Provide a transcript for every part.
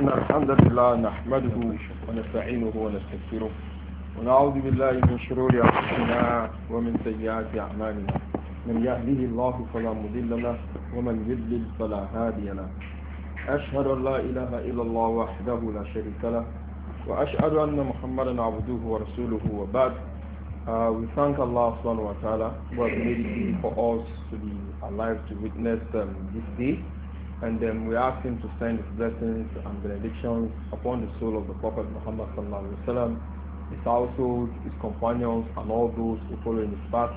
إن الحمد لله نحمده ونستعينه ونستغفره ونعوذ بالله من شرور أنفسنا ومن سيئات أعمالنا من يهده الله فلا مضل له ومن يضلل فلا هادي له أشهد أن لا إله إلا الله وحده لا شريك له وأشهد أن محمدا عبده ورسوله وبعد uh, we thank Allah subhanahu wa ta'ala who has made it for us to be alive to witness um, this day and then we ask him to send his blessings and benedictions upon the soul of the Prophet Muhammad sallallahu his household, his companions, and all those who follow in his path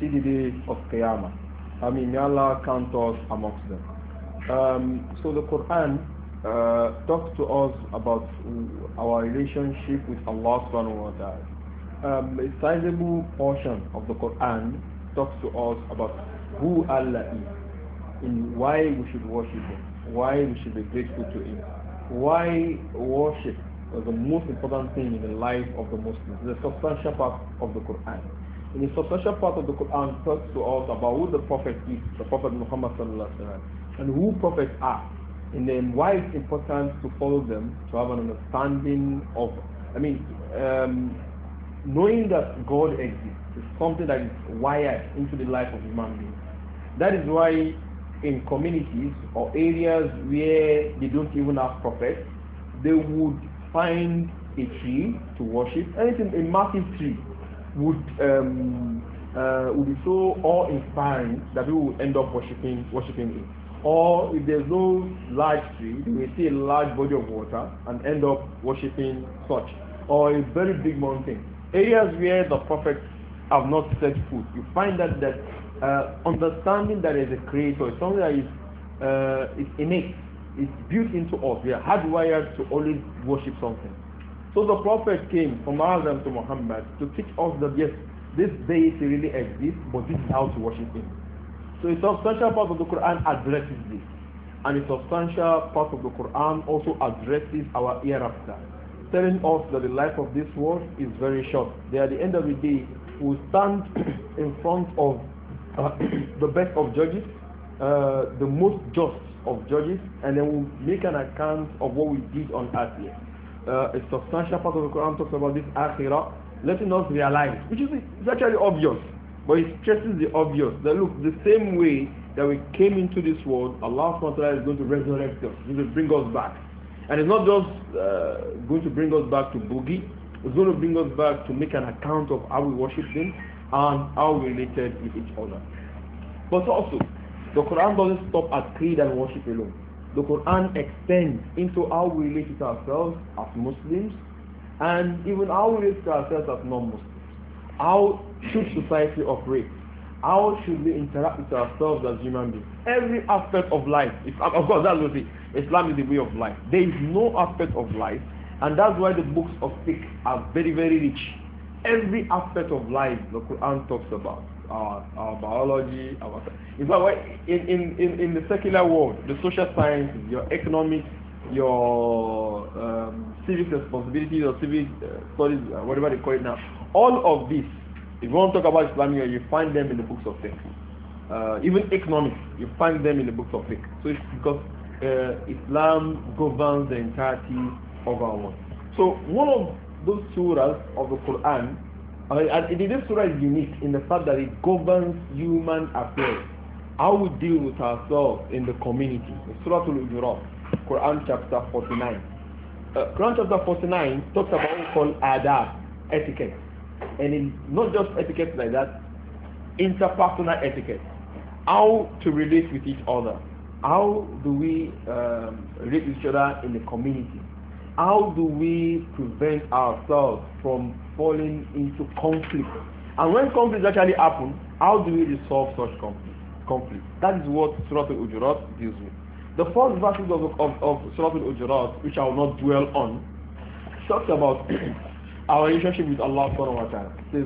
C D D the day of Qiyamah. I mean, may Allah count us amongst them. Um, so the Quran uh, talks to us about our relationship with Allah subhanahu wa ta'ala. Um, a sizable portion of the Quran talks to us about who Allah is in why we should worship Him, why we should be grateful to Him, why worship is the most important thing in the life of the Muslims. The substantial part of the Quran. In the substantial part of the Quran talks to us about who the Prophet is, the Prophet Muhammad and who prophets are, and then why it's important to follow them, to have an understanding of, I mean, um, knowing that God exists is something that is wired into the life of human beings. That is why in communities or areas where they don't even have prophets, they would find a tree to worship. Anything, a massive tree, would um, uh, would be so awe-inspiring that people would end up worshiping worshiping it. Or if there's no large tree, they will see a large body of water and end up worshiping such. Or a very big mountain. Areas where the prophets have not set foot, you find that that uh, understanding that a creator, something that is, uh, is innate, is built into us. We are hardwired to always worship something. So the Prophet came from Adam to Muhammad to teach us that yes, this deity really exists, but this is how to worship him. So a substantial part of the Quran addresses this. And a substantial part of the Quran also addresses our hereafter, telling us that the life of this world is very short. That at the end of the day, we stand in front of uh, the best of judges, uh, the most just of judges, and then we'll make an account of what we did on earth here. Uh, a substantial part of the Quran talks about this akhirah, letting us realize, which is it's actually obvious, but it stresses the obvious. That look, the same way that we came into this world, Allah is going to resurrect us, He will bring us back. And it's not just uh, going to bring us back to boogie, it's going to bring us back to make an account of how we worship Him, and how related with each other. But also, the Quran doesn't stop at creed and worship alone. The Quran extends into how we relate to ourselves as Muslims and even how we relate to ourselves as non-Muslims. How should society operate? How should we interact with ourselves as human beings? Every aspect of life. Islam, of course, that's what it is. Islam is the way of life. There is no aspect of life, and that's why the books of fiqh are very, very rich every aspect of life the Quran talks about. Our, our biology, our in fact, in, in, in the secular world, the social sciences, your economics, your um, civic responsibilities, or civic uh, studies, uh, whatever they call it now, all of this, if you want to talk about Islamia, you find them in the books of fiqh. Uh, even economics, you find them in the books of fiqh. So it's because uh, Islam governs the entirety of our world. So one of those surahs of the Quran, and this surah is unique in the fact that it governs human affairs. How we deal with ourselves in the community. Surah Al-Hujurat, Quran chapter 49. Uh, Quran chapter 49 talks about what we call adab, etiquette. And in, not just etiquette like that, interpersonal etiquette. How to relate with each other. How do we um, relate with each other in the community? how do we prevent ourselves from falling into conflict? And when conflicts actually happen, how do we resolve such conflict? conflict? That is what Surah Al-Ujurat deals with. The first verses of, of, of Surah Al-Ujurat, which I will not dwell on, talks about our relationship with Allah subhanahu wa ta'ala. says,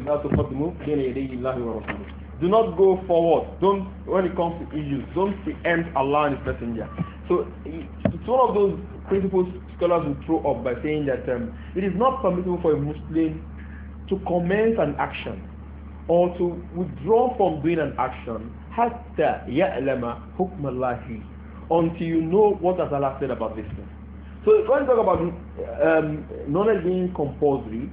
Do not go forward. Don't, when it comes to issues, don't preempt Allah and His Messenger. So it's one of those principles scholars will throw up by saying that um, it is not permissible for a Muslim to commence an action or to withdraw from doing an action until you know what has Allah said about this thing. So when you talk about um, knowledge being compulsory,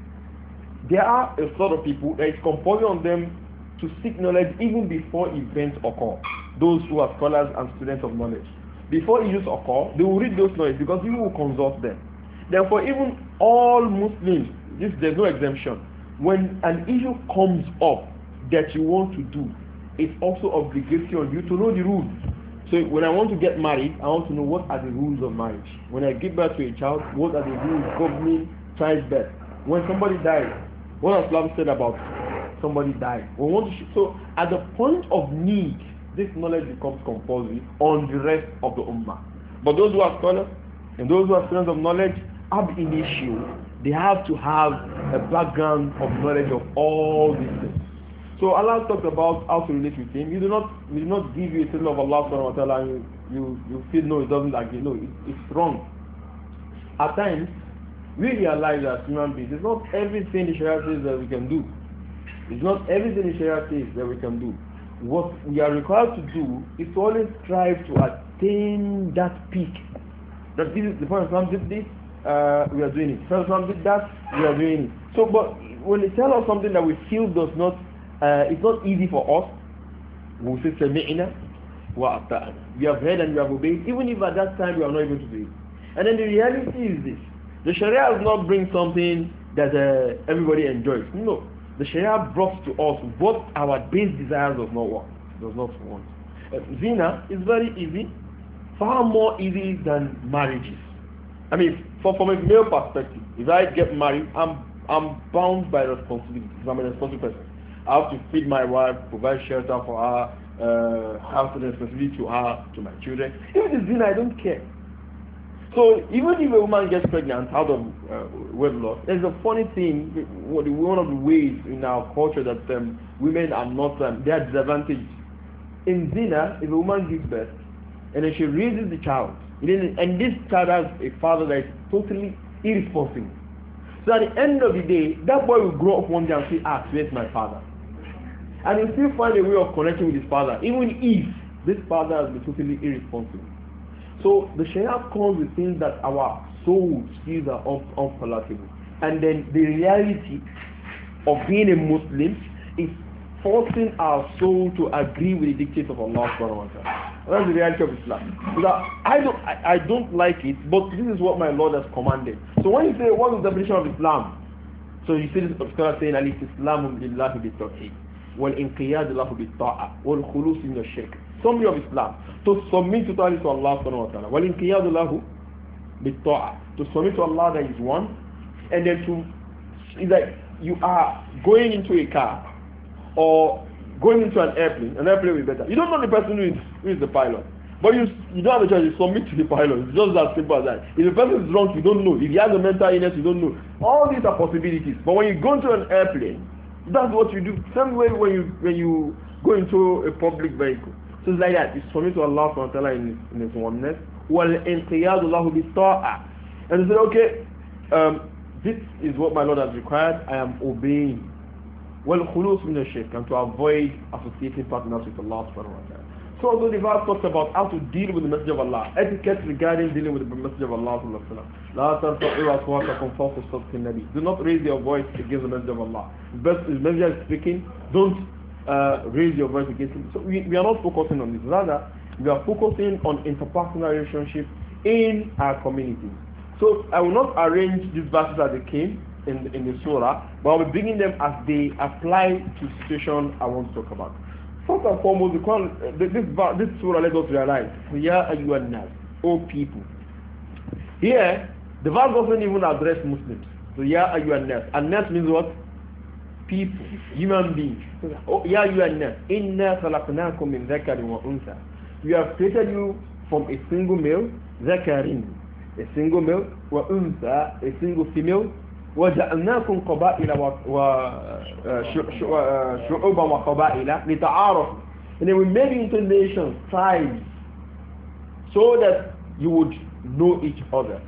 there are a lot of people that it's compulsory on them to seek knowledge even before events occur. Those who are scholars and students of knowledge before issues occur, they will read those laws because people will consult them. Therefore, even all Muslims, this, there's no exemption. When an issue comes up that you want to do, it's also obligatory on you to know the rules. So when I want to get married, I want to know what are the rules of marriage. When I give birth to a child, what are the rules governing birth? When somebody dies, what has Islam said about somebody dying? so at the point of need, this knowledge becomes compulsory on the rest of the ummah. But those who are scholars and those who are students of knowledge have an issue. they have to have a background of knowledge of all these things. So Allah talks about how to relate with Him. You do not, we do not give you a signal of Allah subhanahu wa You, you, you feel no, it doesn't agree. No, it, it's wrong. At times, we realize as human beings, it's not everything the Sharia says that we can do. It's not everything the Sharia says that we can do what we are required to do is to always strive to attain that peak. That this is the Prophet Islam did this, uh, we are doing it. The Prophet Islam did that, we are doing it. So, but when they tell us something that we feel does not, uh, it's not easy for us, we say سمعنا We have heard and we have obeyed, even if at that time we are not able to do it. And then the reality is this: the Sharia does not bring something that uh, everybody enjoys. No, the Sharia brought to us what our base desire does not want. Does not want. zina is very easy, far more easy than marriages. I mean, from a male perspective, if I get married, I'm I'm bound by responsibility. If I'm a responsible person. I have to feed my wife, provide shelter for her, uh, have to responsibility to her, to my children. If it is zina, I don't care. So even if a woman gets pregnant out um, of uh, wedlock, there's a funny thing. One of the ways in our culture that um, women are not um, they are disadvantaged. In zina, if a woman gives birth and then she raises the child, and this child has a father that is totally irresponsible. So at the end of the day, that boy will grow up one day and say, "Ah, where's my father?" And he'll still find a way of connecting with his father, even if this father has been totally irresponsible. So the Sharia comes with things that our souls feel are unpalatable. And then the reality of being a Muslim is forcing our soul to agree with the dictates of Allah subhanahu wa ta'ala. That's the reality of Islam. I don't, I, I, don't like it, but this is what my Lord has commanded. So when you say, what is the definition of Islam? So you see this scholar saying, al-Islamu lillahi bi-tawheed, wal-inqiyad lahu bi-ta'a, wal-khulus in the shaykh summary of Islam, to submit totally to Allah subhanahu wa ta'ala. وَالْإِنْقِيَادُ لَهُ بِالطَّاعَةِ To submit to Allah that is one, and then to, it's like you are going into a car or going into an airplane, an airplane will be better. You don't know the person who is, who is the pilot. But you, you don't have a choice, you submit to the pilot. It's just as simple as that. If the person is drunk, you don't know. If he has a mental illness, you don't know. All these are possibilities. But when you go into an airplane, that's what you do. Same way when you when you go into a public vehicle. So it's like that. It's for me to Allah subhanahu wa ta'ala in, in his oneness. وَالْإِنْقِيَادُ لَهُ بِالطَّاعَةِ And they said, okay, um, this is what my Lord has required. I am obeying. وَالْخُلُوصُ مِنَ الشِّرْكِ And to avoid associating partners with Allah subhanahu wa ta'ala. So although the verse talks about how to deal with the message of Allah, etiquette regarding dealing with the message of Allah sallallahu Do not raise your voice against the message of Allah. Best is message is speaking, don't uh, raise your voice against him. So we, we are not focusing on this. Rather, we are focusing on interpersonal relationship in our community. So I will not arrange these verses as they came in the, in the surah, but I will be bringing them as they apply to the situation I want to talk about. First and foremost, the Quran, uh, this, this surah let us realize, you are nas, O people. Here, the verse doesn't even address Muslims. So you are nas. And nas means what? People, human beings. Oh, ya yuanna, inna khalaqnakum min dhakarin wa unsa. We have created you from a single male, dhakarin, a single male, wa unsa, a single female, وجعلناكم قبائل وشعوبا وقبائل لتعارفوا and then we made into nations tribes so that you would know each other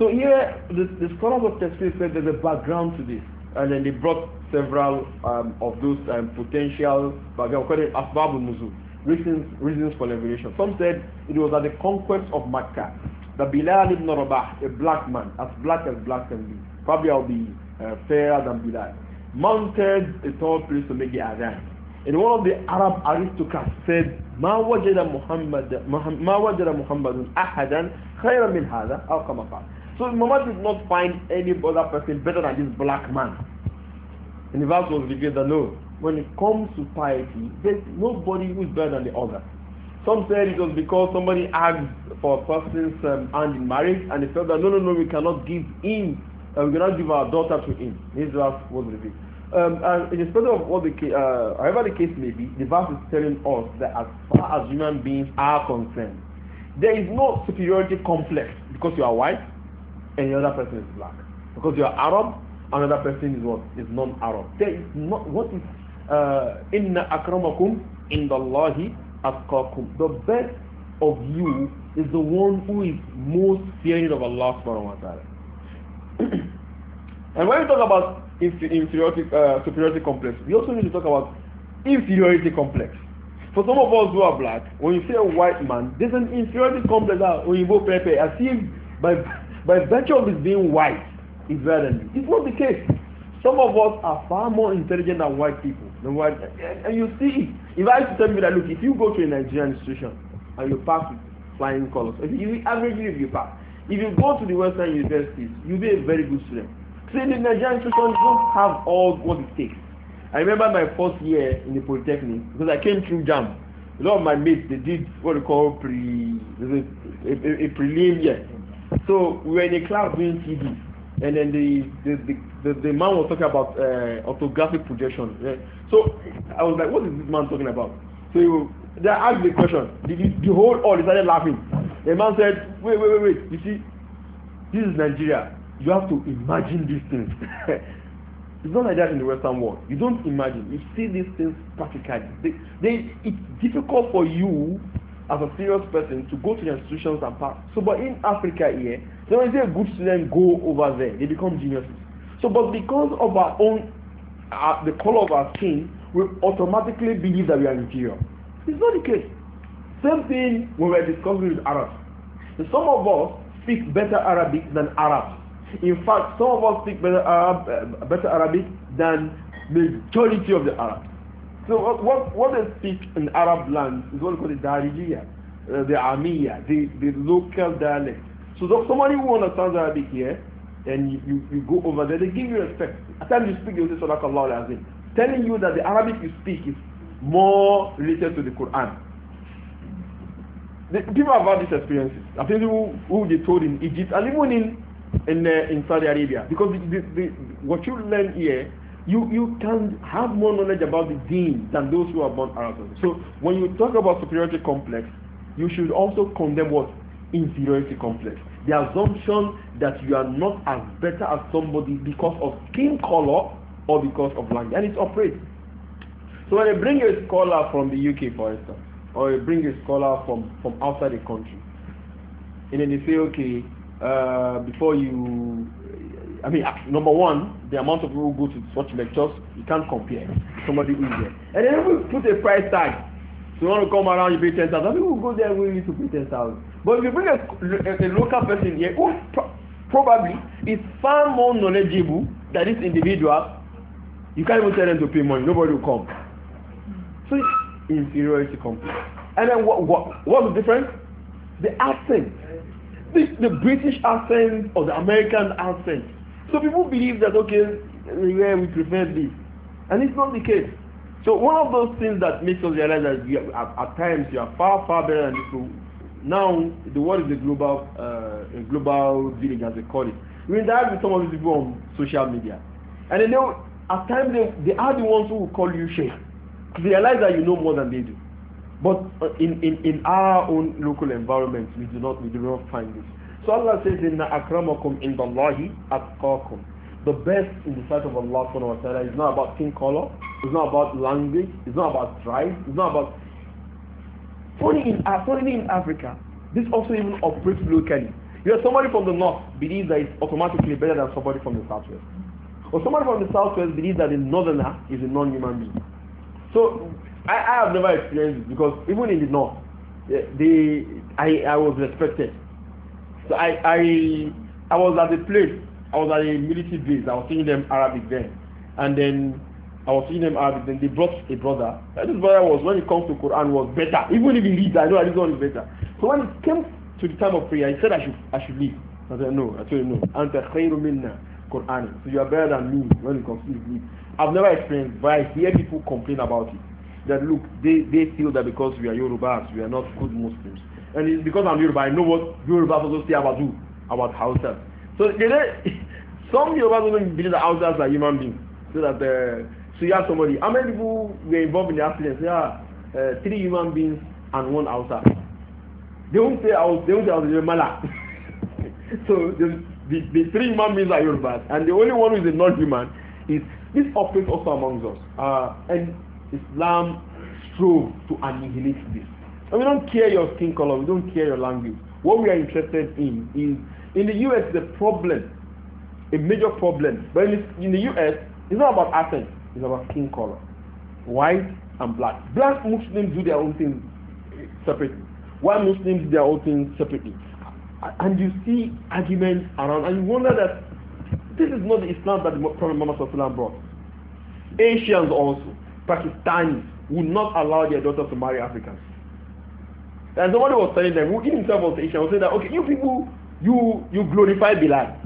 so here the, the scholars of Tafsir said there's a background to this and then they brought several um, of those um, potential, but they are called nuzul, reasons, reasons for revelation. Some said it was at the conquest of Makkah that Bilal ibn Rabah, a black man, as black as black can be, probably I'll be uh, fairer than Bilal, mounted a tall place to make the adhan. And one of the Arab aristocrats said, ما وجد محمد ما وجد محمد أحدا خيرا من هذا أو كما قال. So Muhammad did not find any other person better than this black man. And the verse was revealed that no, when it comes to piety, there's nobody who's better than the other. Some said it was because somebody asked for a person's um, hand in marriage and they felt that no, no, no, we cannot give him, uh, we cannot give our daughter to him. This verse was revealed. Um, and in spite of what the uh, however the case may be, the verse is telling us that as far as human beings are concerned, there is no superiority complex because you are white and the other person is black, because you are Arab another person is what is non-Arab. There is not what is uh, inna akramakum indallahi atqakum. The best of you is the one who is most fearing of Allah subhanahu wa ta'ala. and when we talk about inferiority, uh, superiority complex, we also need to talk about inferiority complex. For some of us who are black, when you say a white man, there's an inferiority complex that when you go pepe, as if by, by virtue of his being white, it's not the case. Some of us are far more intelligent than white people. Than white, and you see If I used to tell you that, look, if you go to a Nigerian institution and you pass with flying colors, if you averagely if you pass, if you go to the Western universities, you'll be a very good student. See, the Nigerian institutions don't have all what it takes. I remember my first year in the Polytechnic because I came through JAM. A lot of my mates they did what we call pre a, a, a prelim year. So we were in a class doing TV and then the the, the, the, the man was talking about uh, orthographic projection. Yeah. So I was like, what is this man talking about? So they asked the question. The, the, the whole all started laughing. The man said, wait, wait, wait, wait. You see, this is Nigeria. You have to imagine these things. it's not like that in the Western world. You don't imagine. You see these things practically. They, they, it's difficult for you as a serious person to go to the institutions and pass. So, but in Africa here, there is a good student go over there. They become geniuses. So, but because of our own, uh, the color of our skin, we automatically believe that we are inferior. It's not the case. Same thing when we were discussing with Arabs. So some of us speak better Arabic than Arabs. In fact, some of us speak better, Arab, uh, better Arabic than the majority of the Arabs. So uh, what, what, they speak in Arab land is what we call the Darija, uh, the Amiya, the, the local dialect. So if somebody who understands Arabic here, and you, you, you, go over there, they give you respect. At times you speak, they will say Sadaqallah al telling you that the Arabic you speak is more related to the Quran. The, people have had these experiences. I think who, who they told in Egypt, and even in in, uh, in Saudi Arabia, because the, the, what you learn here you, you can have more knowledge about the deen than those who are born Arabs. So when you talk about superiority complex, you should also condemn what? Inferiority complex. The assumption that you are not as better as somebody because of skin color or because of language. And it operates. So when I bring a scholar from the UK, for instance, or I bring a scholar from, from outside the country, and then they say, okay, uh, before you I mean, number one, the amount of people who go to such lectures, you can't compare somebody who is there. And then we put a price tag. So you want to come around, you pay 10,000. Some people who go there will need to pay 10,000. But if you bring a, a, a local person here, who pro probably is far more knowledgeable than this individual, you can't even tell them to pay money. Nobody will come. So inferiority complex. And then what, what, what's the difference? The accent. The, the British accent or the American accent So people believe that, okay, yeah, we prefer this. And it's not the case. So one of those things that makes us realize that at, at, times you are far, far better than people. Now, the world is a global, uh, a global village, as they call it. We interact with some of these people on social media. And they know, at times, they, they are the ones who will call you sheikh. They realize that you know more than they do. But uh, in, in, in our own local environment, we do not, we do not find this. So Allah says, in akramakum indallahi atqakum. The best in the sight of Allah subhanahu wa ta'ala is not about skin color, it's not about language, it's not about tribe, it's not about... Only in, only ah, in Africa, this also even operates locally. You have somebody from the north believes that it's automatically better than somebody from the southwest. Or somebody from the southwest believes that the northerner is a non-human being. So I, I have never experienced it because even in the north, eh, they I, I was respected so I, I, I was at the place, I was at a military base, I was seeing them Arabic then. And then I was seeing them Arabic, then they brought a brother. And this brother was, when it comes to Quran, was better. Even if he leads, I know this one is better. So when it came to the time of prayer, he said I should, I should leave. I said, no, I told him, no. Anta khayru minna Quran. So you are better than me when it comes to sleep. I've never experienced, but I hear people complain about it. That look, they, they feel that because we are Yorubas, we are not good Muslims. and it's because I'm Yoruba, I know what Yoruba people say about who? About Hausa. So they, some Yoruba people believe that Hausas are human beings. So that, uh, so you have somebody, how many people were involved in the accident? Yeah, uh, three human beings and one Hausa. They won't say I was, they won't say I was a Mala. so the, the, the three human beings are Yorubas, and the only one who is a non-human is this operates also amongst us. Uh, and Islam strove to annihilate this. And we don't care your skin color, we don't care your language. What we are interested in is in the US, the problem, a major problem, but in the US, it's not about accent, it's about skin color. White and black. Black Muslims do their own thing separately. White Muslims do their own thing separately. And you see arguments around, and you wonder that this is not the Islam that the Prophet Muhammad brought. Asians also, Pakistanis, would not allow their daughters to marry Africans. And somebody was telling them, he himself was Isha, was saying that, okay, you people, you you glorify Bilal.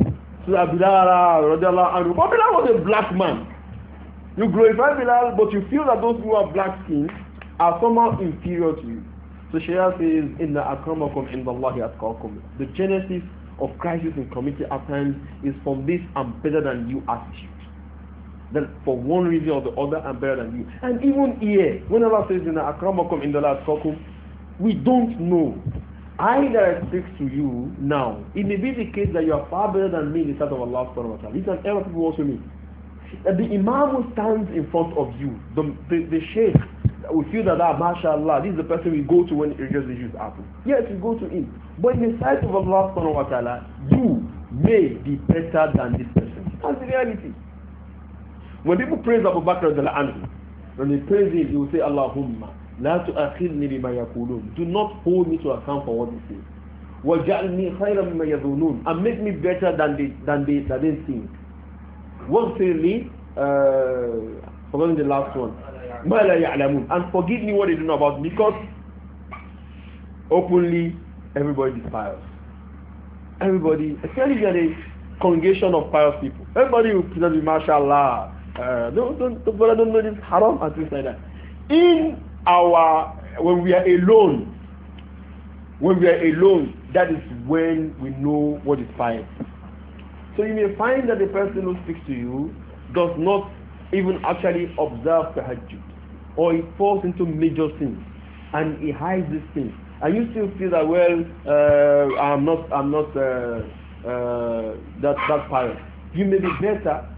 So that Bilal, uh, and but Bilal was a black man. You glorify Bilal, but you feel that those who are black skin are somehow inferior to you. So Sharia says, in the akramakum in the atqakum. The genesis of crisis in community at times is from this I'm better than you attitude. That for one reason or the other I'm better than you. And even here, when Allah says in the akramakum in the atqakum, we don't know. I I speak to you now, it may be the case that you are far better than me in the sight of Allah subhanahu wa ta'ala. This is error people also mean That the Imam who stands in front of you, the, the, the Sheikh, we feel that, ah, mashallah, this is the person we go to when religious issues happen. Yes, we go to him. But in the sight of Allah subhanahu wa ta'ala, you may be better than this person. That's the reality. When people praise Abu Bakr, when they praise him, they will say, Allahumma. لا تؤاخذني بما يقولون do not hold me to account for what they say وجعلني خيرا مما يظنون and make me better than they than they than they think واغفر لي uh, forgetting the last one ما لا يعلمون and forgive me what they don't know about me because openly everybody is pious everybody especially if you are a congregation of pious people everybody will present you mashallah uh, don't don't don't, don't know this haram and things like that in our when we are alone when we are alone that is when we know what is fine so you may find that the person who speaks to you does not even actually observe the tahajjud or he falls into major sins and he hides these things and you still feel that well uh, i'm not i'm not uh, uh, that that parent you may be better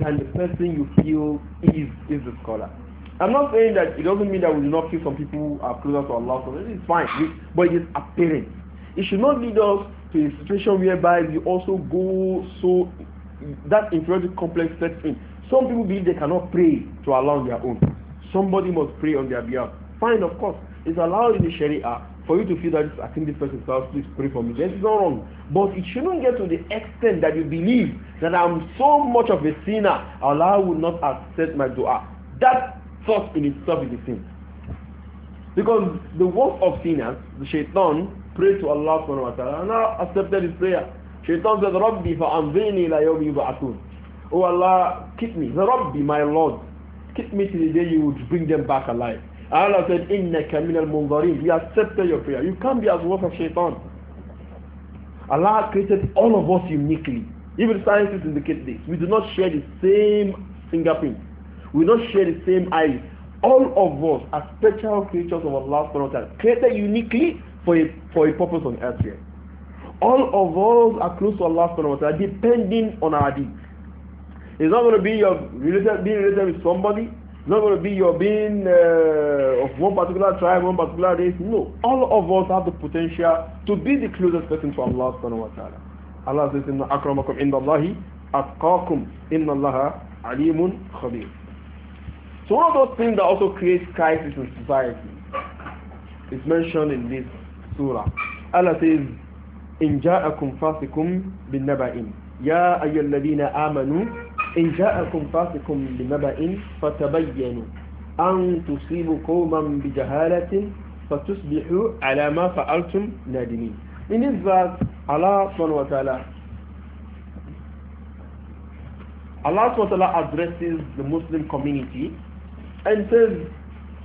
than the person you feel is is the scholar I'm not saying that it doesn't mean that we do not kill some people who uh, are closer to Allah. So it's fine, but it is apparent. It should not lead us to a situation whereby we also go so that inferiority complex sets in. Some people believe they cannot pray to Allah on their own. Somebody must pray on their behalf. Fine, of course, it's allowed in the Sharia for you to feel that I think this person is please pray for me. This is not wrong. But it shouldn't get to the extent that you believe that I'm so much of a sinner, Allah will not accept my dua. That thought in itself is a sin. Because the work of sinners, the shaitan, prayed to Allah subhanahu wa ta'ala and Allah accepted his prayer. Shaitan said, Rabbi fa'anzirni ila yawmi yub'atun. Oh Allah, keep me. The Rabbi, my Lord, keep me till the day you would bring them back alive. Allah said, "Inna min al-munzarin. accept accepted your prayer. You can't be as work of shaitan. Allah created all of us uniquely. Even scientists indicate this. We do not share the same fingerprint we not share the same eyes. All of us are special creatures of Allah subhanahu created uniquely for a, for a purpose on earth here. All of us are close to Allah subhanahu depending on our deeds. It's not going to be your related, being related with somebody. It's not going to be your being uh, of one particular tribe, one particular race. No. All of us have the potential to be the closest person to Allah subhanahu wa ta'ala. Allah says, إِنَّ أَكْرَمَكُمْ عِنْدَ اللَّهِ أَتْقَاكُمْ إِنَّ اللَّهَ عَلِيمٌ خَبِيرٌ so one of those things that also creates crisis in society is mentioned in this surah. Allah says, إن جاءكم فاسق Ya يا أيها الذين آمنوا إن جاءكم فاسق بنبأ فتبينوا أن تصيبوا قوما بجهالة فتصبحوا على ما فعلتم نادمين. In this verse, Allah subhanahu wa ta'ala Allah subhanahu wa ta'ala addresses the Muslim community and says,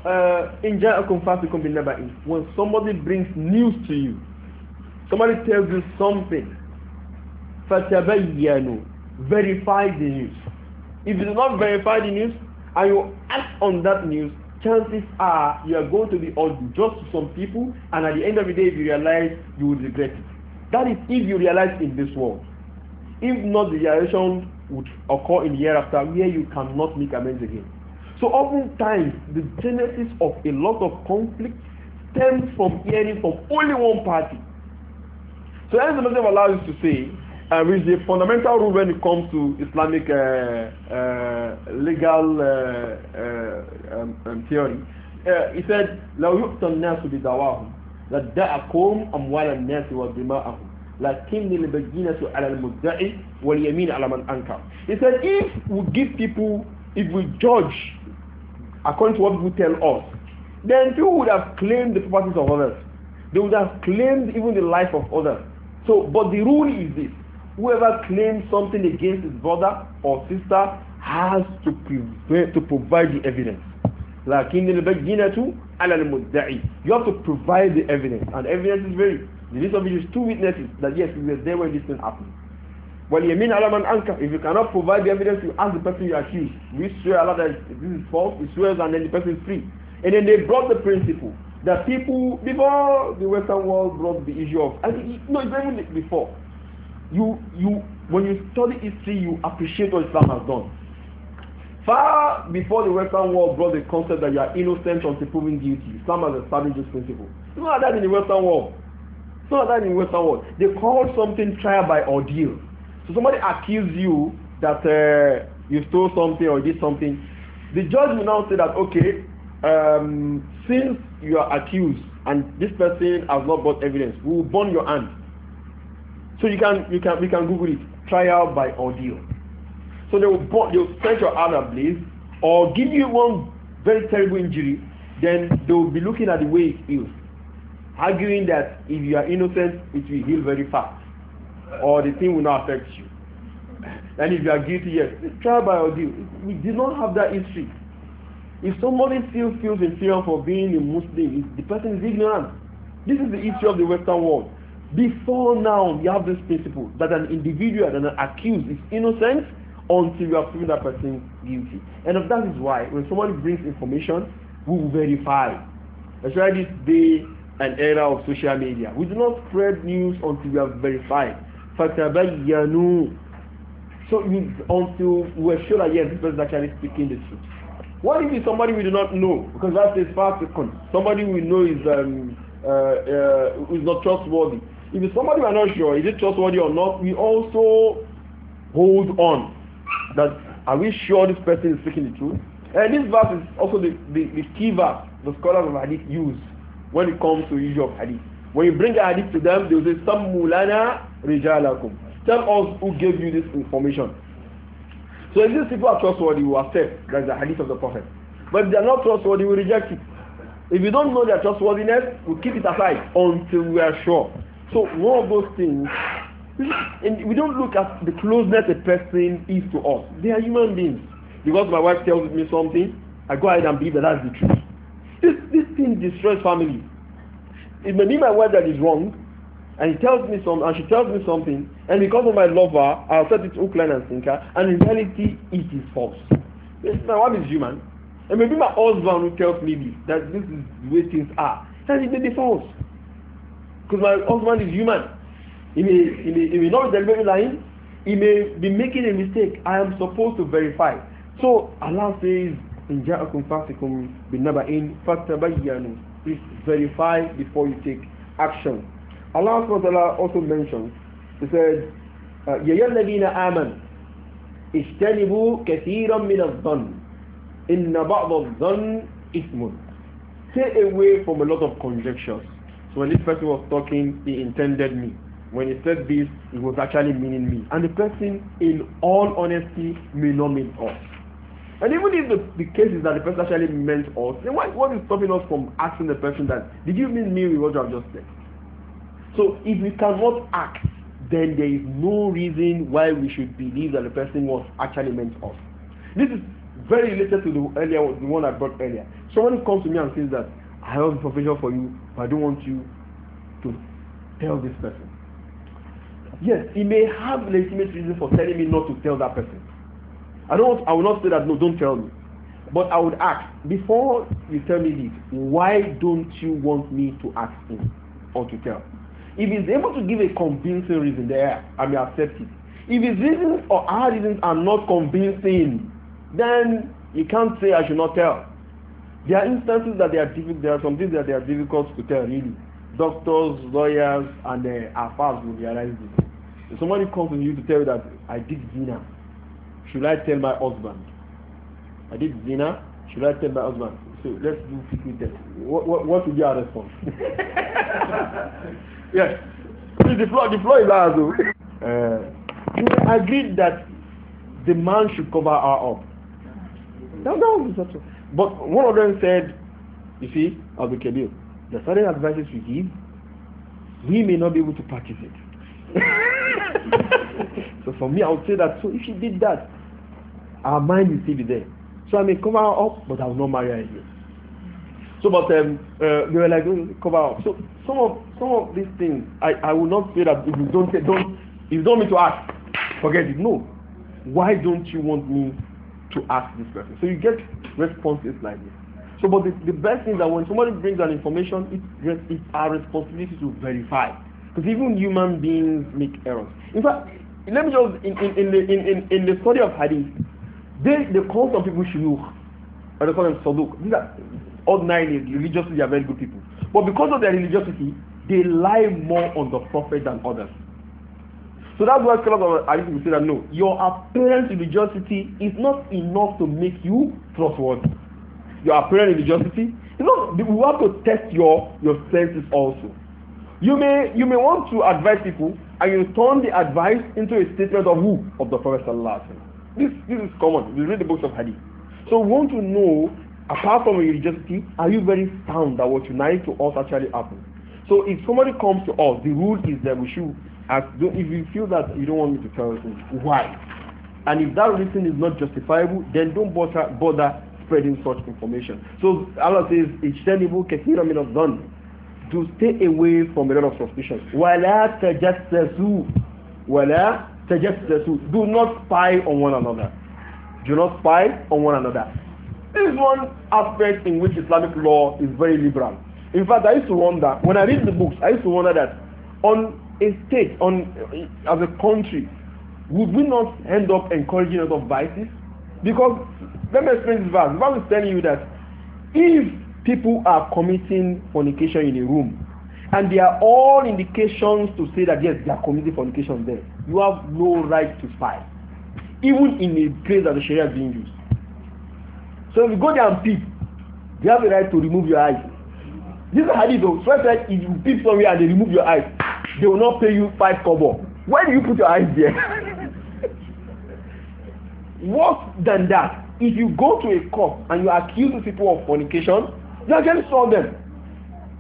uh, in ja'akum fasikum bin naba'in. When somebody brings news to you, somebody tells you something, fatabayyanu, verify the news. If you do not verify the news and you act on that news, chances are you are going to be unjust to some people and at the end of the day if you realize you will regret it. That is if you realize in this world. If not, the realization would occur in the year after, where you cannot make amends again. So oftentimes, the genesis of a lot of conflict stems from hearing from only one party. So that's the message of Allah is to say, uh, which is a fundamental rule when it comes to Islamic uh, uh, legal uh, uh um, um, theory. Uh, he said, لو يؤتى الناس بدواهم لادعكم أموال الناس ودماءهم لكن البينة على المدعي واليمين على من أنكر. He said, if we give people, if we judge according to what people tell us, then people would have claimed the properties of others. They would have claimed even the life of others. So, but the rule is this whoever claims something against his brother or sister has to, to provide the evidence. in the على المدعي. You have to provide the evidence, and evidence is very. The list of it is two witnesses that yes, we were there when this thing happened. Well, you mean Alaman Anka. If you cannot provide the evidence, you ask the person you accuse. We swear Allah that this is false, we swear, and then the person is free. And then they brought the principle that people, before the Western world brought the issue of, I think, no, even before, you, you, when you study history, you appreciate what Islam has done. Far before the Western world brought the concept that you are innocent until proven guilty, Islam has established this principle. It's not like that in the Western world. It's not like that in the Western world. They call something trial by ordeal. So somebody accuses you that uh, you stole something or did something. The judge will now say that, okay, um, since you are accused and this person has not brought evidence, we will burn your hand. So you can, you can, we can Google it. Trial by ordeal. So they will burn, they will set your hand ablaze or give you one very terrible injury. Then they will be looking at the way it heals, arguing that if you are innocent, it will heal very fast or the thing will not affect you. And if you are guilty, yes, try by ordeal. We did not have that history. If somebody still feels inferior for being a Muslim, the person is ignorant. This is the issue of the Western world. Before now, we have this principle that an individual and an accused is innocent until you have proven that person guilty. And that is why when someone brings information, we will verify. That's why this day and era of social media. We do not spread news until we have verified. فَتَبَيَّنُوا So until we're sure that yes, this person is actually speaking the truth. What if it's somebody we do not know? Because that is far second. Somebody we know is um, uh, uh, is not trustworthy. If it's somebody we're not sure, is it trustworthy or not, we also hold on. That are we sure this person is speaking the truth? And this verse is also the, the, the key verse the scholars of hadith use when it comes to issue of hadith. When you bring a hadith to them, they will say, Some mulana rijalakum. Tell us who gave you this information. So if these people are trustworthy, we accept that is the hadith of the Prophet. But if they are not trustworthy, we reject it. If you don't know their trustworthiness, we keep it aside until we are sure. So one of those things, and we don't look at the closeness a person is to us. They are human beings. Because my wife tells me something, I go ahead and believe that that's the truth. This, this thing destroys family. It may be my wife that is wrong, and he tells me some and she tells me something and because of my lover i set it hook line and sinker and in reality it is false my wife is human and maybe my husband who tells me this that this is the way things are and it may be false because my husband is human he may he may he may not be deliberately lying he may be making a mistake i am supposed to verify so allah says in please verify before you take action Allah SWT also mentioned. He said, يَيَا الَّذِينَ آمَنُوا اجتنبوا كثيرا من الظن إن بعض الظن إثم Stay away from a lot of conjectures. So when this person was talking, he intended me. When he said this, he was actually meaning me. And the person, in all honesty, may not mean us. And even if the, the case is that the person actually meant us, then why, what is stopping us from asking the person that, did you mean me with what you have just said? So if we cannot act, then there is no reason why we should believe that the person was actually meant us. This is very related to the earlier the one I brought earlier. Someone comes to me and says that I have a profession for you, but I don't want you to tell this person. Yes, he may have legitimate reason for telling me not to tell that person. I don't. I will not say that. No, don't tell me. But I would ask before you tell me this. Why don't you want me to ask him or to tell? If he's able to give a convincing reason, there I may accept it. If his reasons or our reasons are not convincing, then you can't say I should not tell. There are instances that they are difficult. There are some things that they are difficult to tell. Really, doctors, lawyers, and uh, affairs will realize this. If somebody comes to you to tell you that I did zina, should I tell my husband? I did zina. Should I tell my husband? So let's do quickly test. What, what, what would be our response? Yes. the floor, the floor is ours. Uh, agreed that the man should cover her up. No, no, But one of them said, you see, Abu do, the certain advices we give, we may not be able to practice it. so for me, I would say that, so if she did that, our mind will still be there. So I may cover her up, but I will not marry her again. So, but um, uh, they were like, oh, cover up. So, some of some of these things, I, I will not say that if you don't say, don't if you don't mean to ask, forget it. No, why don't you want me to ask this person? So you get responses like this. So, but the, the best thing is that when somebody brings an information, it's, it's our responsibility to verify. Because even human beings make errors. In fact, let me just in, in, in the in, in, in the study of hadith, they they call some people shuyukh, or they call them saduk. These are ordinarily, religiously, they are very good people. But because of their religiosity, they lie more on the prophet than others. So that's why scholars of Hadith will say that no, your apparent religiosity is not enough to make you trustworthy. Your apparent religiosity is not. We have to test your your senses also. You may you may want to advise people, and you turn the advice into a statement of who of the Prophet sallallahu alaihi wasallam. This this is common. We read the books of Hadith. So we want to know apart from religiosity, are you very sound that what you narrate to us actually happened? So if somebody comes to us, the rule is that we should ask, if you feel that you don't want me to tell you why? And if that reason is not justifiable, then don't bother, bother spreading such information. So Allah says, "Ijtanibu kathira min adh-dhann." To stay away from a lot of suspicions. وَلَا تَجَسَّسُوا Do not spy on one another. Do not spy on one another. This is one aspect in which Islamic law is very liberal. In fact, I used to wonder, when I read the books, I used to wonder that on a state, on as a country, would we not end up encouraging a lot of vices? Because let me explain this verse. The verse is telling you that if people are committing fornication in a room, and there are all indications to say that yes, they are committing fornication there, you have no right to spy, even in a place that the Sharia is being used. So if you go there and peep, you have a right to remove your eyes. This is hadith though. First time if you peep somewhere and they remove your eyes, they will not pay you five kobo. Why do you put your eyes there? Worse than that, if you go to a court and you accuse people of fornication, you actually saw them.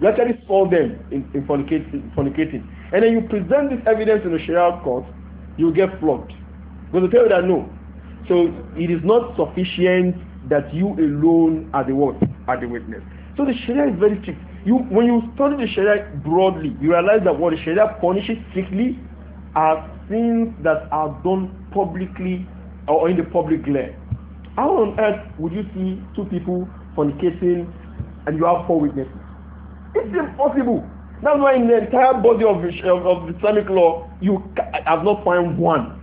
You actually saw them in, in fornicating, fornicating. And then you present this evidence in a Sharia court, you get flogged. Because they tell you that no. So it is not sufficient that you alone are the what? Are the witness. So the Sharia is very strict. You, when you study the Sharia broadly, you realize that what the Sharia punishes strictly are things that are done publicly or in the public glare. How on earth would you see two people fornicating and you have four witnesses? It's impossible. That's why in the entire body of, of, of Islamic law, you have not found one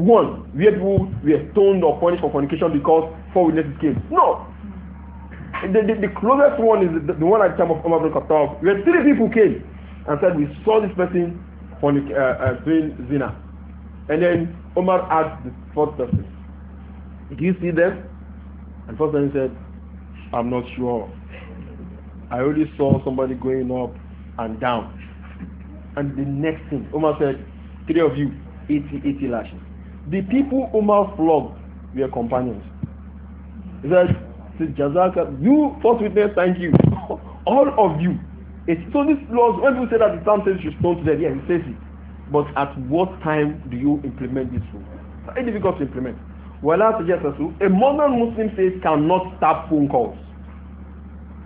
One, where people were stoned or punished for fornication because four witnesses came. No. The, the, the closest one is the, the one at the time of Omar ibn Khattab, where three people came and said, We saw this person fornic- uh, uh, doing zina. And then Omar asked the fourth person, Do you see them? And first person said, I'm not sure. I already saw somebody going up and down. And the next thing, Omar said, Three of you, 80, 80 lashes. The people Umar flogged were companions. He said, Jazaka, you first witness, thank you. All of you. It's, so this laws, when people say that the Islam says you should stone to death, yeah, it says it. But at what time do you implement this rule? It's very difficult to implement. Well, I suggest also, a modern Muslim says cannot stop phone calls.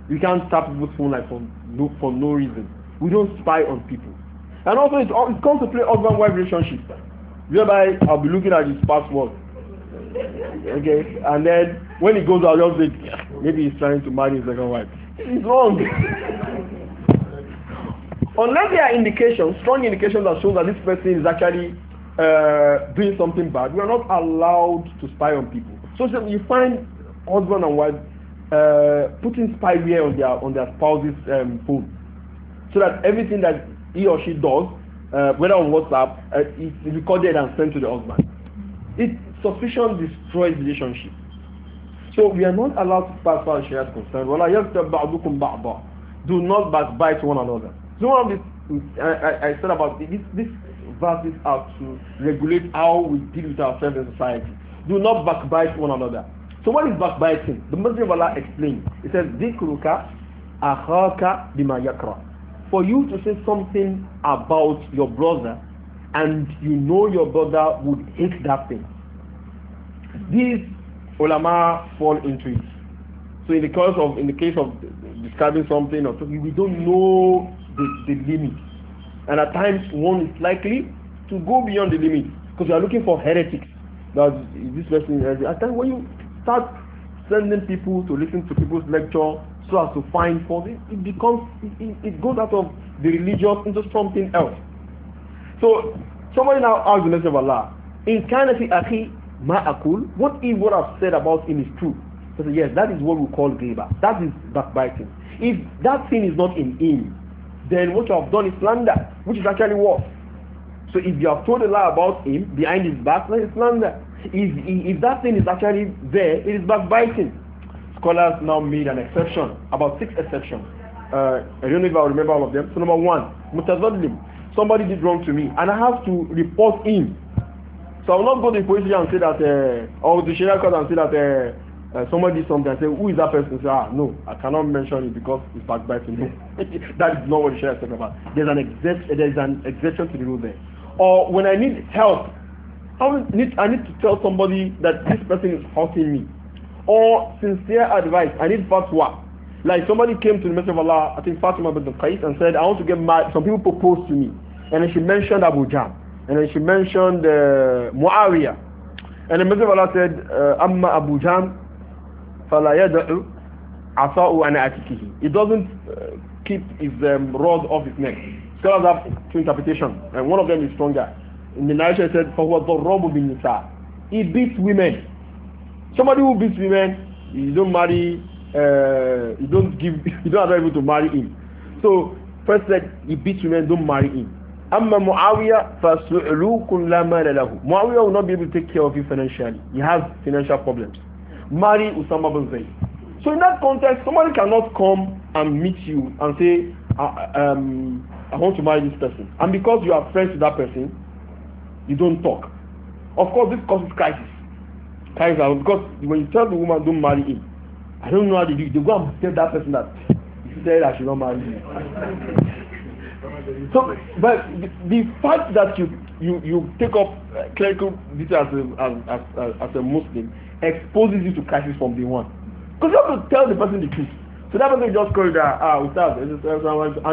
You can't stop people's phone like for no, for no reason. We don't spy on people. And also, it, it comes to play husband-wife relationship. Thereby, I'll be looking at his passport. Okay, and then when he goes out, I'll just say, maybe he's trying to marry his second wife. It's wrong. Unless there are indications, strong indications that show that this person is actually uh, doing something bad, we are not allowed to spy on people. So, so you find husband and wife uh, putting spyware on their on their spouse's um, phone, so that everything that he or she does uh, whether on WhatsApp, uh, it's recorded and sent to the husband. It, suspicion destroys relationship. So we are not allowed to pass far Sharia is concerned. Do not backbite one another. So one of the, I, I, said about this, this verses are to regulate how we deal with ourselves in society. Do not backbite one another. So what is backbiting? The Muslim of Allah explained. It says, ذِكْرُكَ أَخَاكَ بِمَا for you to say something about your brother and you know your brother would hate that thing. These ulama fall into it. So in the case of in the case of describing something or something, we don't know the, the limit. And at times one is likely to go beyond the limit because you are looking for heretics. Now this person at times when you start sending people to listen to people's lecture so as to find fault, it, it becomes, it, it, goes out of the religious into something else. So somebody now asks the message of Allah, in kanafi akhi akul? what if what I've said about him is true? He yes, that is what we call riba. That is backbiting. If that thing is not in him, then what you have done is slander, which is actually worse. So if you have told a lie about him behind his back, that is slander if, if that thing is actually there, it is backbiting. Scholars now made an exception, about six exceptions. Uh, I don't know if I remember all of them. So number one, mutazadlim. Somebody did wrong to me, and I have to report him. So I will not go to the police and say that, uh, or to Sharia court and say that uh, uh, somebody did something. I say, who is that person? Say, ah, no, I cannot mention it because it's backbiting. No, that is not what the Sharia is talking about. There's an, ex- there's an exception to the rule there. Or when I need help, I need, I need to tell somebody that this person is hurting me. Or sincere advice, I need fatwa. Like somebody came to the Messenger of Allah, I think Fatima bin Qais, and said, I want to get married. Some people proposed to me. And then she mentioned Abu Jam. And then she mentioned uh, Muawiyah. And the Messenger of Allah said, uh, Amma Abu Jam, فَلَا يَدَعُ asa'u عَنْ أَتِكِهِ It doesn't uh, keep his um, rod off his neck. Scholars have two interpretations, and one of them is stronger in the narration said, He beats women. Somebody who beats women, you don't marry, uh, you don't give, you don't allow people to marry him. So, first said, he beats women, don't marry him. أما معاوية فسعلوك لا مال له معاوية will not be able to take care of you financially. He has financial problems. Marry Usama bin Zayd. So in that context, somebody cannot come and meet you and say, I, um, I want to marry this person. And because you are friends with that person, you don't talk. Of course, this causes crisis. Crisis because when you tell the woman, don't marry him, I don't know how they do it. They go and tell that person that you tell that she will not marry you. so, but the, fact that you, you, you take up uh, clerical duty as a, as, as, as a Muslim exposes you to crisis from day one. Because you have to tell the person the truth. So that person just called that ah without and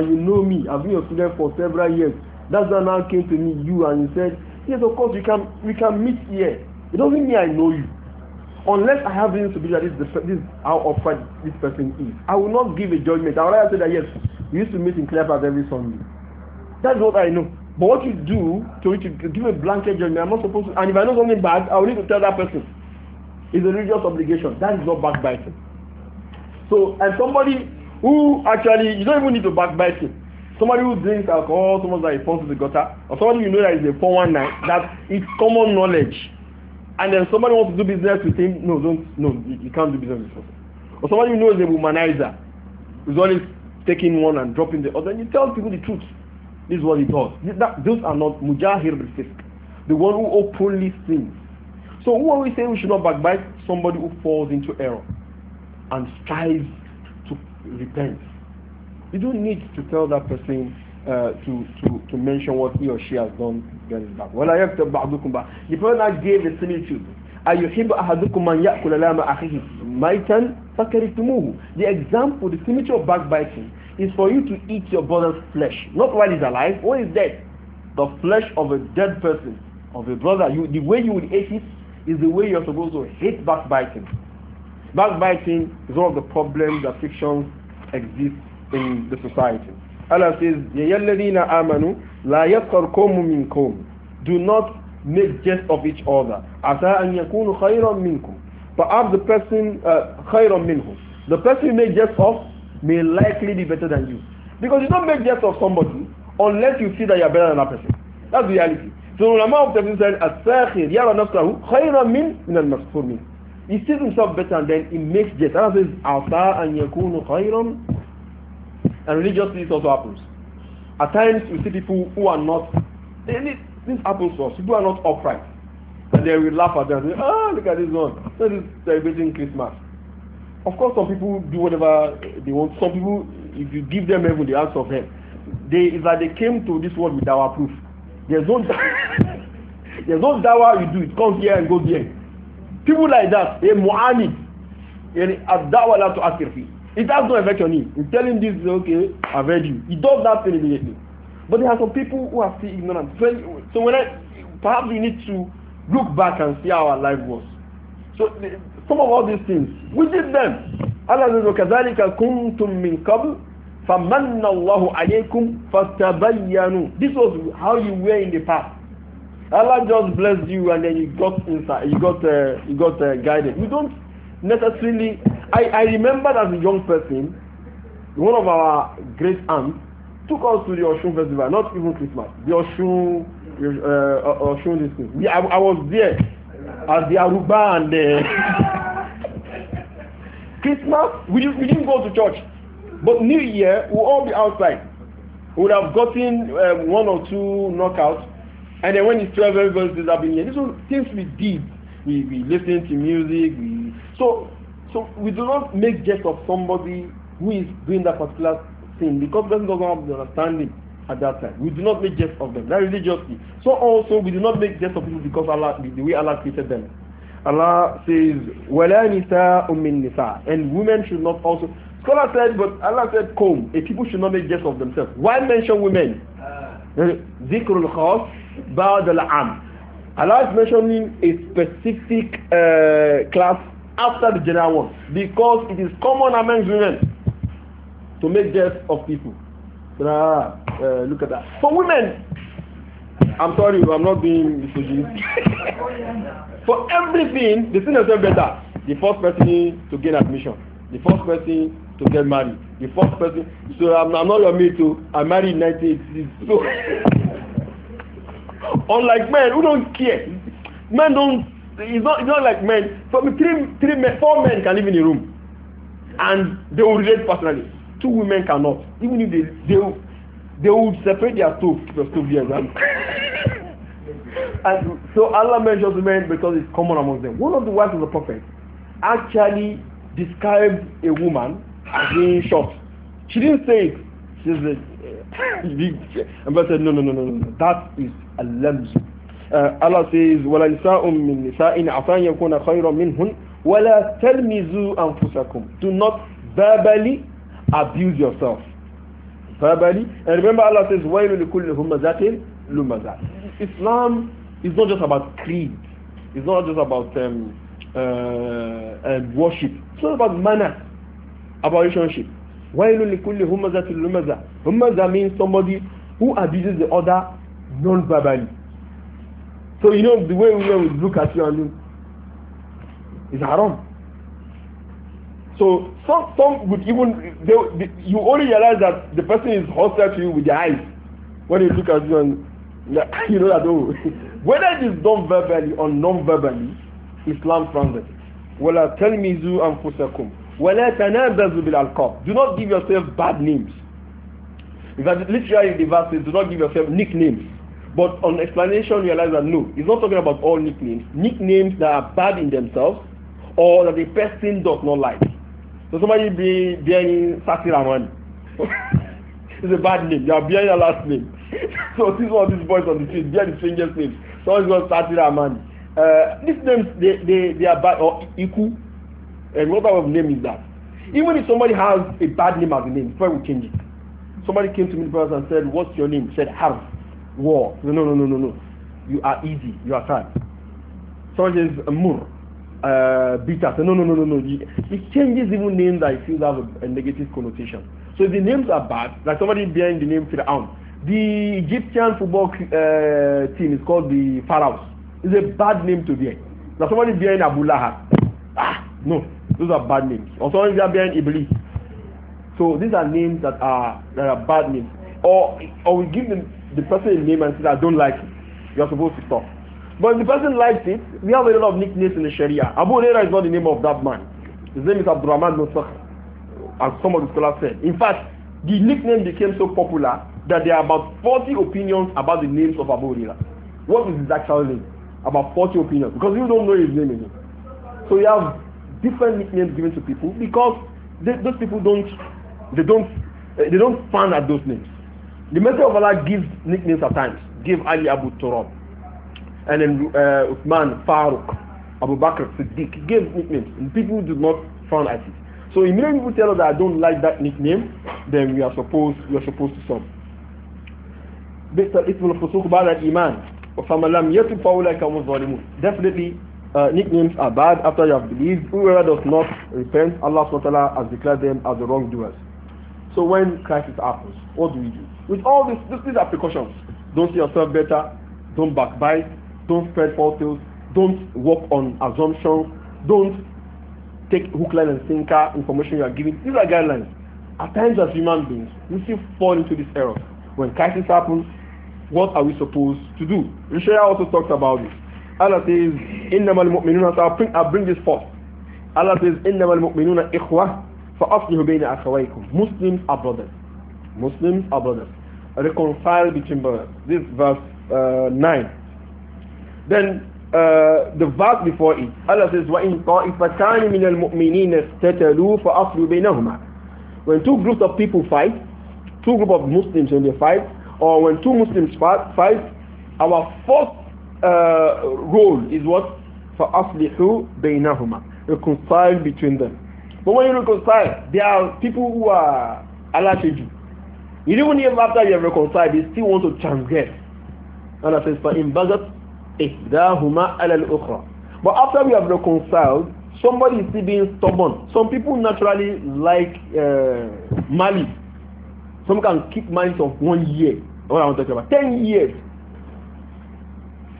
you know me, I've been a student for several years. That's why now came to me, you and you said Yes, of course, we can, we can meet here. It doesn't mean I know you. Unless I have reason to believe that this, this how upright this person is. I will not give a judgment. I will rather say that, yes, we used to meet in Clearpath every Sunday. That's what I know. But what you do to it, you give a blanket judgment, I'm not supposed to. And if I know something bad, I will need to tell that person. It's a religious obligation. That is not backbiting. So, and somebody who actually, you don't even need to backbite him. Somebody who drinks alcohol, someone that he falls to the gutter, or somebody you know that is a 419, that it's common knowledge. And then somebody wants to do business with him, no, don't, no, you, you can't do business with him. Or somebody you know is a womanizer, who's always taking one and dropping the other, and you tell people the truth. This is what he does. That, those are not mujahir al the one who openly sins. So who are we saying we should not backbite? Somebody who falls into error and strives to repent. You don't need to tell that person uh, to, to, to mention what he or she has done very bad. Well, I have to The Prophet gave a similitude. أيحب أحدكم أن يأكل لام أخيه ميتا فكرهتموه. The example, the signature of backbiting is for you to eat your brother's flesh, not while he's alive, when he's dead. The flesh of a dead person, of a brother. You, the way you would eat it is the way you're supposed to hate backbiting. Backbiting is one of the problems that fictions exist in the society. Allah says, Yayalladina amanu, la yaskar komu minkum. Do not make jest of each other. Asa an yakunu khayran minkum. Perhaps the person, uh, khayran minhum. The person you make jest of may likely be better than you. Because you don't make jest of somebody unless you see that you are better than that person. That's the reality. So the ulama of Tafsir said, As-sakhir yara nafsahu khayran min min al-masfur min. He sees himself better and then he makes jest. Allah says, Asa an yakunu khayran And religious things also happens. At times we see people who are not they need this happens to us. People are not upright. And then we laugh at them say, ah, look at this one. This is celebrating Christmas. Of course, some people do whatever they want. Some people, if you give them heaven, they ask of heaven. They, it's like they came to this world with our proof. There's no, there's no dawa you do. It comes here and goes there. People like that, they Muhammad, a dawa la to ask It has no effect on him. You tell him this is okay, I've heard you. He does that thing immediately. But there are some people who are still ignorant. So, so when I, perhaps we need to look back and see how our life was. So some of all these things, we did them. Allah says, وَكَذَلِكَ كُنْتُم مِّن قَبْلُ فَمَنَّ اللَّهُ عَلَيْكُمْ فَاسْتَبَيَّنُوا This was how you were in the past. Allah just blessed you and then you got inside, you got, uh, you got uh, guided. You don't necessarily. I, I remember as a young person, one of our great aunts took us to the Oshun Festival, not even Christmas. The Oshun, uh, uh Oshun this thing. We, I, I was there at the Aruba and the Christmas. We, we didn't go to church, but New Year we'll all be outside. We would have gotten um, one or two knockouts, and then when it's twelve, everybody says I've been here. These are things we did we, we listen to music, we so so we do not make jest of somebody who is doing that particular thing because person doesn't have the understanding at that time. We do not make jest of them. That religiously. So also we do not make jest of people because Allah the way Allah created them. Allah says, Wala nisa min nisa and women should not also Scholar said, but Allah said comb. A people should not make jest of themselves. Why mention women? Uh. Zikrul khas, ba'd al Allah is mentioning a specific uh, class after the general one because it is common among women to make death of people. Ah, uh, look at that. For women, I'm sorry, I'm not being misogynist. For everything, the thing is better. The first person to gain admission, the first person to get married, the first person. So I'm, I'm not your mate too. I married in 1986. So. Unlike men who don't care. Men don't. It's not. It's not like men. For me, three, three, men, four men can live in a room, and they will relate personally. Two women cannot. Even if they they they would separate their stove. Their stove there, and so Allah mentions men because it's common among them. One of the wives of the prophet actually described a woman as being short. She didn't say it. She said Amber said, no, no, no, no, no. That is a labz Uh, Allah says, وَلَا نِسَاءٌ مِّن نِسَاءٍ عَفَانْ يَكُونَ خَيْرًا مِّنْهُنْ وَلَا تَلْمِزُوا أَنفُسَكُمْ Do not verbally abuse yourself. Verbally. And remember Allah says, وَيْلُ لِكُلِّ هُمَّزَاتٍ لُمَزَاتٍ Islam is not just about creed. It's not just about um, uh, uh, worship. It's not about manner, about relationship. Wailul likulli humazatul lumaza. Humaza means somebody who abuses the other non-verbally. So you know the way we look at you and you is haram. So some some would even they, they, you only realize that the person is hostile to you with their eyes when you look at you and you know that oh whether it is done verbally or non-verbally, Islam frowns at it. Well, tell me zu anfusakum. وَلَا تَنَابَزُ بِالْأَلْقَابِ Do not give yourself bad names. Because literally the verse says, do not give yourself nicknames. But on explanation, realize that no, it's not talking about all nicknames. Nicknames that are bad in themselves or that the person does not like. So somebody be bearing Satiramani. it's a bad name. You are bearing your last name. so this one, these boys on the street bear the strangest names. Someone's called Satiramani. Uh, these names, they, they, they are bad. Or Iku. And what type of name is that? Even if somebody has a bad name as a name, before we change it. Somebody came to me first and said, What's your name? said, Harv. War. No, no, no, no, no, no. You are easy. You are sad. Somebody says, Mur. Uh, bitter. No, no, no, no, no. It changes even names that I feel have a, a negative connotation. So the names are bad, like somebody bearing the name Fir'aun. The Egyptian football uh, team is called the Pharaohs. It's a bad name to bear. Now somebody bearing Abu Lahab. Ah, no. Those are bad names. Or someone is behind Iblis. So these are names that are that are bad names. Or or we give them, the person a name and say I don't like it. You are supposed to stop. But if the person likes it, we have a lot of nicknames in the Sharia. Abu Huraira is not the name of that man. His name is Abdurrahman bin as some of the scholars said. In fact, the nickname became so popular that there are about 40 opinions about the names of Abu Huraira. What is his actual name? About 40 opinions. Because you don't know his name anymore. So you have different nicknames given to people because they, those people don't they don't eh, they don't fan at those names. The Messenger of Allah gives nicknames at times. Give Ali Abu Turab, and then uh, Uthman Farooq, Abu Bakr Siddiq. Give nicknames. And people do not fan at it. So immediately people tell us that I don't like that nickname, then we are supposed we are supposed to stop. بئس الاسم الفسوق بعد الإيمان وفمن لم Definitely uh, nicknames are bad after you have believed. Whoever does not repent, Allah SWT has declared them as the wrongdoers. So when crisis happens, what do we do? With all this, this these are precautions. Don't see yourself better. Don't backbite. Don't spread false tales. Don't work on assumptions. Don't take hook, line, and sinker information you are giving. These are guidelines. At times, as human beings, we still fall into this error. When crisis happens, what are we supposed to do? Rishaya also talks about this. Allah says, "Innamal mu'minuna." So I'll bring, I'll bring this forth. Allah says, "Innamal mu'minuna ikhwa." فَأَصْلِهُ بَيْنَ أَخَوَيْكُمْ Muslims are brothers. Muslims are brothers. Reconcile between brothers. This verse uh, 9. Then uh, the verse before it, Allah says, وَإِن طَائِفَتَانِ مِنَ الْمُؤْمِنِينَ اسْتَتَلُوا فَأَصْلِهُ بَيْنَهُمَا When two groups of people fight, two groups of Muslims when they fight, or when two Muslims fight, fight our first uh, role is what? فَأَصْلِحُ بَيْنَهُمَا Reconcile between them. But when you reconcile, there are people who are alashiju. You even if after you have reconciled, they still want to transgress. And says, فَإِنْ بَغَتْ إِحْدَاهُمَا عَلَى الْأُخْرَى But after we have reconciled, somebody is still being stubborn. Some people naturally like uh, malice. Some can keep malice of one year. What I want to talk about. Ten years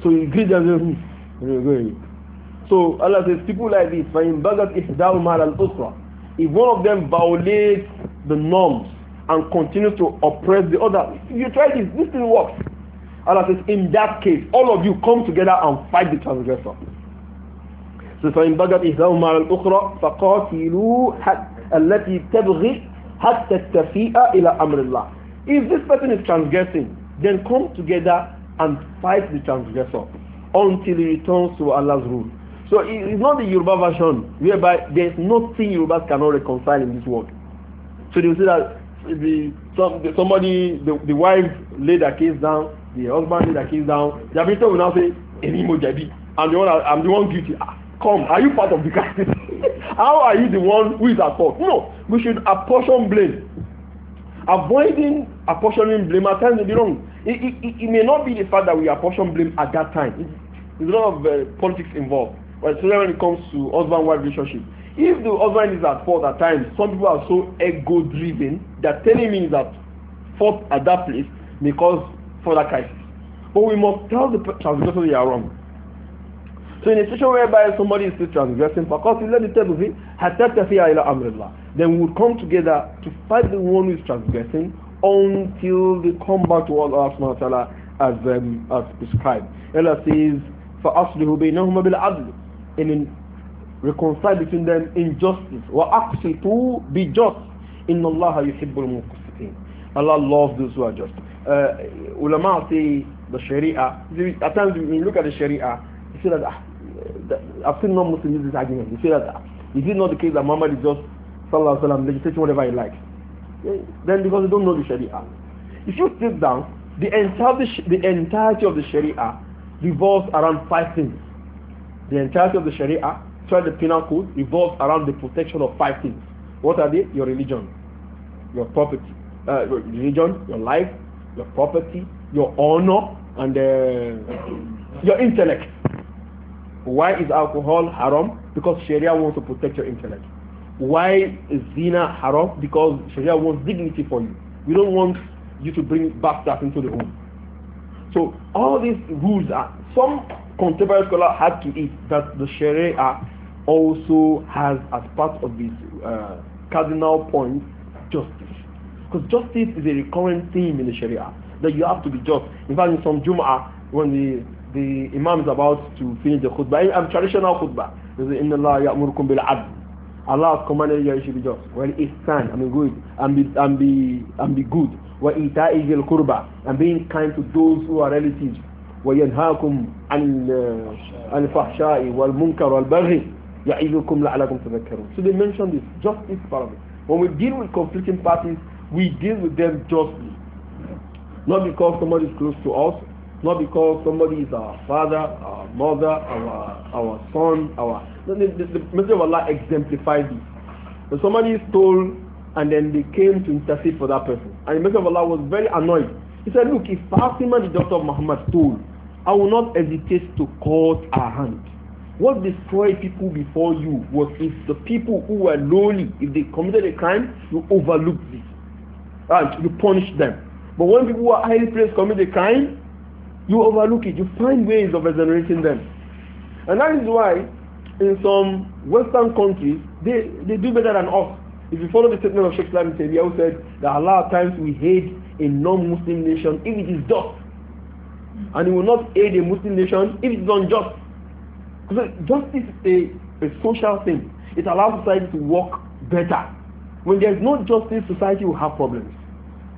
to increase their roof. So Allah says, people like this, فَإِنْ بَغَتْ إِحْدَاهُمْ عَلَى الْأُخْرَى If one of them violates the norms and continues to oppress the other, if you try this, this thing works. Allah says, in that case, all of you come together and fight the transgressor. So فَإِنْ بَغَتْ إِحْدَاهُمْ عَلَى الْأُخْرَى فَقَاتِلُوا الَّتِي تَبْغِي حَتَّى تَفِيءَ إِلَى أَمْرِ اللَّهِ If this person is transgressing, then come together and fight the transgressor until he returns to Allah's rule. So it is not the Yoruba version whereby there is nothing Yorubas cannot reconcile in this world. So they will say that the, some, the, somebody, the, the wife laid her case down, the husband laid her case down, the arbitrator will now say, Èmi mo I'm the one, I'm the one guilty. Ah, come, are you part of the case? How are you the one who is at fault? No, we should apportion blame. Avoiding apportioning blame at times may be wrong It, it, it, may not be the fact that we apportion blame at that time. There's a lot of uh, politics involved, But especially when it comes to husband-wife relationship. If the husband is at fault at times, some people are so ego-driven that telling me that fault at that place may cause further crisis. But we must tell the transgressor they are wrong. So in a situation whereby somebody is still transgressing, because let the table say, ila Then we would come together to fight the one who is transgressing until they come back to Allah subhanahu wa ta'ala as, um, as prescribed. Allah says, "For us فَأَصْلِهُ بَيْنَهُمَ بِالْعَدْلِ in reconcile between them in justice. to Be just. in اللَّهَ يُحِبُّ الْمُقْسِطِينَ Allah loves those who are just. Uh, ulama say the Sharia, at times when you look at the Sharia, you see that, ah, that I've seen non-Muslims use this argument. You see that, ah, is it not the case that Muhammad is just, sallallahu alayhi wa sallam, whatever he likes? Then because you don't know the Sharia. If you sit down, the entirety, the entirety of the Sharia revolves around five things. The entirety of the Sharia, throughout the penal code, revolves around the protection of five things. What are they? Your religion, your property, uh, your religion, your life, your property, your honor, and uh, your intellect. Why is alcohol haram? Because Sharia wants to protect your intellect. Why is zina haram? Because Sharia wants dignity for you. We don't want you to bring bastards into the home. So all these rules are some contemporary scholar had to eat that the Sharia also has as part of its uh, cardinal point justice. Because justice is a recurrent theme in the Sharia that you have to be just. In fact, in some Jum'ah, when the the imam is about to finish the khutbah, I'm traditional khutbah. There's inna Allah ya'murukum bil adl Allah has commanded you, should be just. Well, ihsan, I mean good, and be, and be, and be good. Wa ita ijil kurba, and being kind to those who are relatives. Wa yanhaakum al uh, fahsha'i wal munkar wal baghi ya'idukum la'alakum tadhakkarun. So they mention this, just this part of When we deal with conflicting parties, we deal with them justly. Not because somebody is close to us, not because somebody is our father, our mother, our our son, our. The, the, the of Allah exemplifies this. When somebody is told and then they came to intercede for that person. And the Messenger of Allah was very annoyed. He said, Look, if Fatima, the daughter of Muhammad, told, I will not hesitate to cut her hand. What destroyed people before you was if the people who were lowly, if they committed a crime, you overlooked this And you punished them. But when people who are highly placed commit a crime, you overlook it. You find ways of exonerating them. And that is why in some Western countries, they, they do better than us. If you follow the statement of Sheikh Islam Taymiyyah, who said that Allah at times we hate a non-Muslim nation if it is just. And he will not aid a Muslim nation if it is unjust. Because justice is a, a social thing. It allows society to work better. When there is no justice, society will have problems.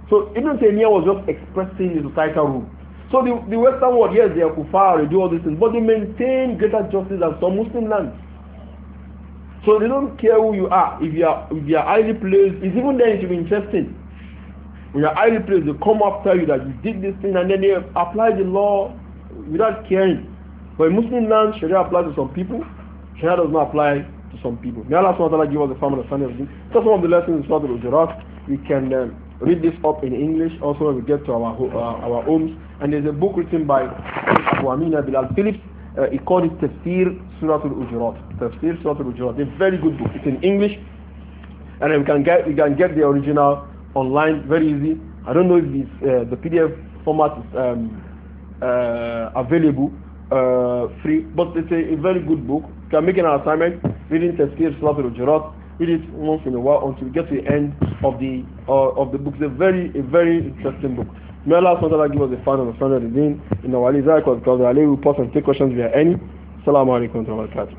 So Ibn Taymiyyah was just expressing the societal rule. So the, the Western world, yes, they are kufar, they do all these things, but they maintain greater justice than some Muslim lands. So they don't care who you are. If you are, if you are highly placed, it's even then it should be interesting. When you are highly placed, they come after you that you did this thing and then they apply the law without caring. But in Muslim lands, Sharia applies to some people, Sharia does not apply to some people. May Allah SWT give us the family understanding of this. That's one of the lessons in Surah al We can um, read this up in English also when we get to our, uh, our homes. And there's a book written by Amina Bilal Phillips. Uh, he called it Tafsir Surah Al-Ujurat. Tafsir Surah Al-Ujurat. A very good book. It's in English. And you can get, you can get the original online very easy. I don't know if this, uh, the PDF format is um, uh, available uh, free, but it's a, a, very good book. You can make an assignment reading Tafsir Surat Al-Ujurat read it once in a while until you get to the end of the uh, of the book. It's a very a very interesting book. May Allah SWT give us a fan understanding the standard of the deen. In our Alizai, because the Ali will pause and take questions via any. Assalamu alaikum wa barakatuh.